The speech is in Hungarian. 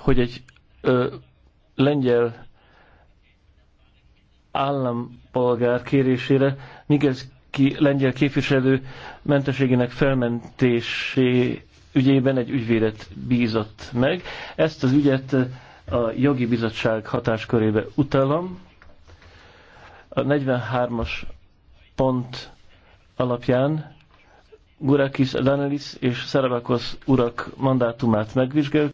hogy egy ö, lengyel állampolgár kérésére Migelszki lengyel képviselő menteségének felmentésé ügyében egy ügyvédet bízott meg. Ezt az ügyet a jogi bizottság hatáskörébe utalom. A 43-as pont alapján Gurakis Danelis és Szerebakosz urak mandátumát megvizsgáltuk.